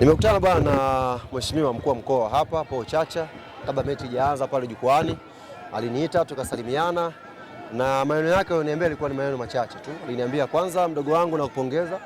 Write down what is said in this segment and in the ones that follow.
Nimekutana bwana na mheshimiwa mkuu wa mkoa hapa Paul Chacha kabla mechi ijaanza pale jukwani, aliniita tukasalimiana, na maneno yake aliniambia ilikuwa ni maneno machache tu. Aliniambia kwanza, mdogo wangu, nakupongeza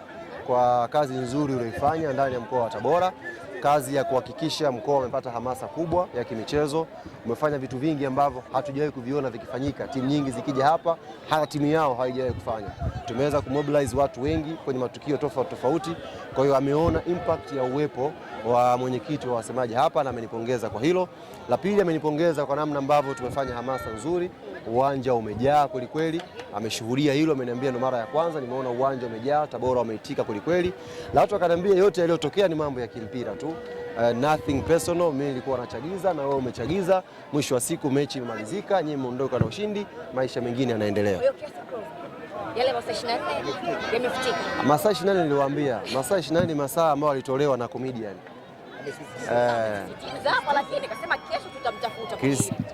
kwa kazi nzuri uliyoifanya ndani ya mkoa wa Tabora kazi ya kuhakikisha mkoa umepata hamasa kubwa ya kimichezo. Umefanya vitu vingi ambavyo hatujawahi kuviona vikifanyika. Timu nyingi zikija hapa, hata timu yao haijawahi kufanya. Tumeweza kumobilize watu wengi kwenye matukio tofauti tofauti. Kwa hiyo ameona impact ya uwepo wa mwenyekiti wa wasemaji hapa na amenipongeza kwa hilo. La pili, amenipongeza kwa namna ambavyo tumefanya hamasa nzuri, uwanja umejaa kwelikweli, ameshuhudia hilo, ameniambia ndo mara ya kwanza nimeona uwanja umejaa. Tabora wameitika kwelikweli, na watu akaniambia yote yaliyotokea ni mambo ya kimpira tu Uh, nothing personal, mimi nilikuwa nachagiza na wewe umechagiza. Mwisho wa siku mechi imemalizika, nyinyi mmeondoka na ushindi, maisha mengine yanaendelea. masaa 24 Masaa 24 niliwaambia, masaa 24 ni masaa ambayo alitolewa na comedian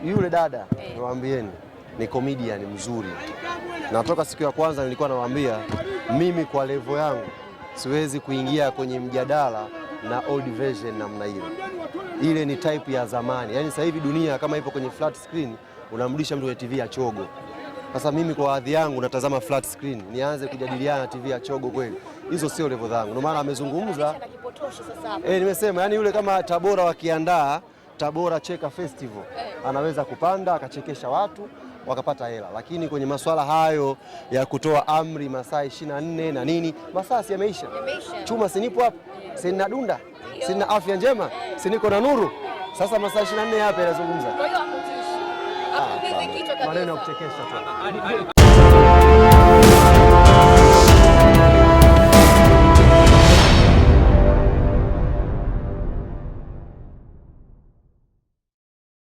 yule dada hey. Eh. Niwaambieni ni comedian mzuri, na toka siku ya kwanza nilikuwa nawaambia, mimi kwa levo yangu siwezi kuingia kwenye mjadala na old version namna ile. Ile ni type ya zamani, yaani sasa hivi dunia kama ipo kwenye flat screen, unamrudisha mtu kwenye TV ya chogo. Sasa mimi kwa adhi yangu natazama flat screen, nianze kujadiliana TV ya chogo kweli? Hizo sio level zangu, ndio maana amezungumza eh, nimesema yani yule kama Tabora wakiandaa Tabora Cheka Festival anaweza kupanda akachekesha watu wakapata hela, lakini kwenye masuala hayo ya kutoa amri masaa 24 na nini, masaa si yameisha. Chuma sinipo hapa sina dunda, sina afya njema, siniko na nuru. Sasa masaa 24 yapi yanazungumza maneno ya kuchekesha tu.